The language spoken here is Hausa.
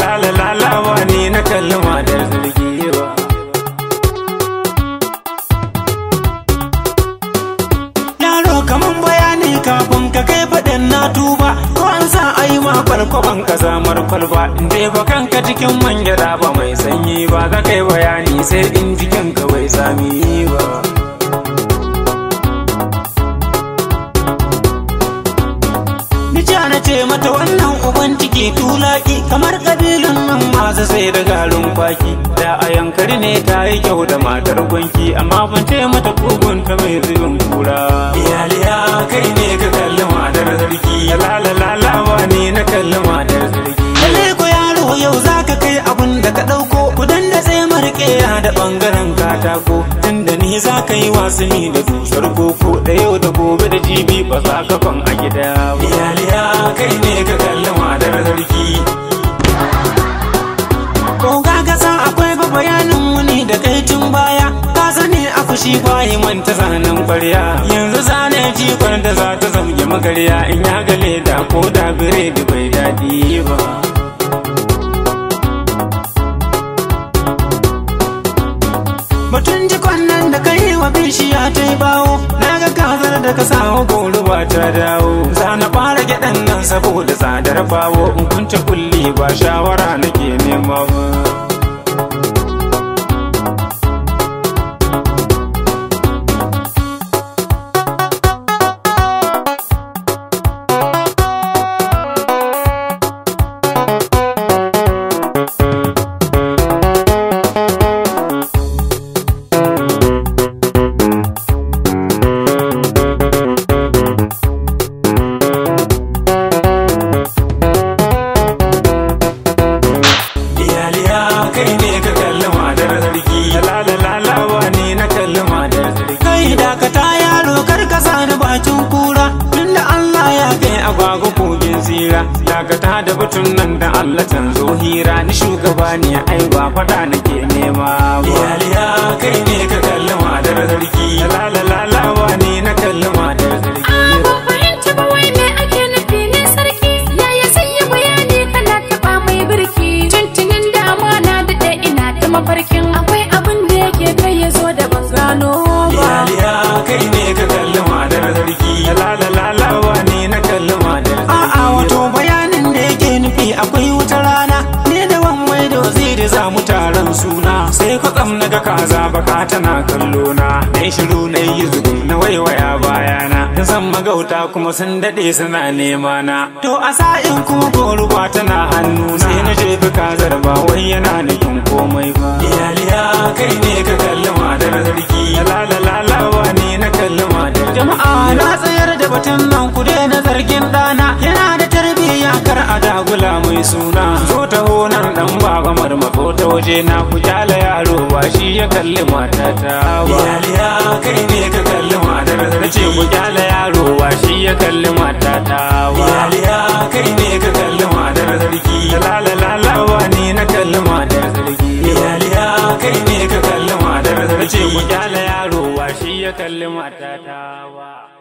lalalalawa ne na kalma da zargi yaro kaman bayani kafin ka kai faɗin na tuba ko an sa ayi ma kwalkwaban ka zamar kwalba dai ba kanka cikin man ba mai sanyi ba za kai bayani sai in jikin ka bai sami ba Ni ce mata wannan uban ciki tulaki masa sai da garin kwaki da a yankari ne ta yi kyau da matar gwanki amma ban ce mata kugun ta mai zubin kura iyaliya kai ne ka kalli matar sarki lalalalawa ne na kalli matar sarki lalle ko yaro yau zaka kai abun da ka dauko kudan da sai marƙeya da bangaren katako tunda ni za ka yi ne da dusar koko da yau da gobe da jibi ba za ka fan a gida iyaliya kai ne ka kalli matar sarki magarya in ya gale da ko da biredi bai daɗi ba mutun jikon nan da ka yi wa bishiya ta yi bawo Na ga kazar da ka sawo goro ba ta dawo Za na fara gyaɗan nan saboda tsadar bawo In kunce kulli ba shawara nake neman ba hira dakata da batun nan da Allah can hira ni shugaba ne ai ba fada nake nema iyaliya kai ne ka kalli ma da sarki la la la la ne na kalli ma da sarki ba fahimci ba wai ake nufi ne sarki ya ya sai ya bayani kana ka mai birki tuntunin da amana da ina ta mafarki je za mu taron suna sai kwatsam na ga kaza baka tana kallo na dai shiru na yi zugun na waiwaya bayana na san magauta kuma sun daɗe suna nema na to a sa'in kuma goruba tana hannu sai na jefi kazar ba wai yana nufin komai ba iyaliya kai ne ka kalli madar sarki wa ne na kalli madar jama'a na tsayar da batun nan ku na zargin ɗana yana da tarbiyya kar a dagula mai suna waje na ku jala yaro ba shi ya kalli matata ba Iyaliya kai ne ka kalli matar na ce ku jala yaro ba shi ya kalli matata ba Iyaliya kai ne ka kalli matar sarki la la la la wa ni na kalli matar sarki Iyaliya kai ne ka kalli matar sarki ku jala yaro ba shi ya kalli ta ba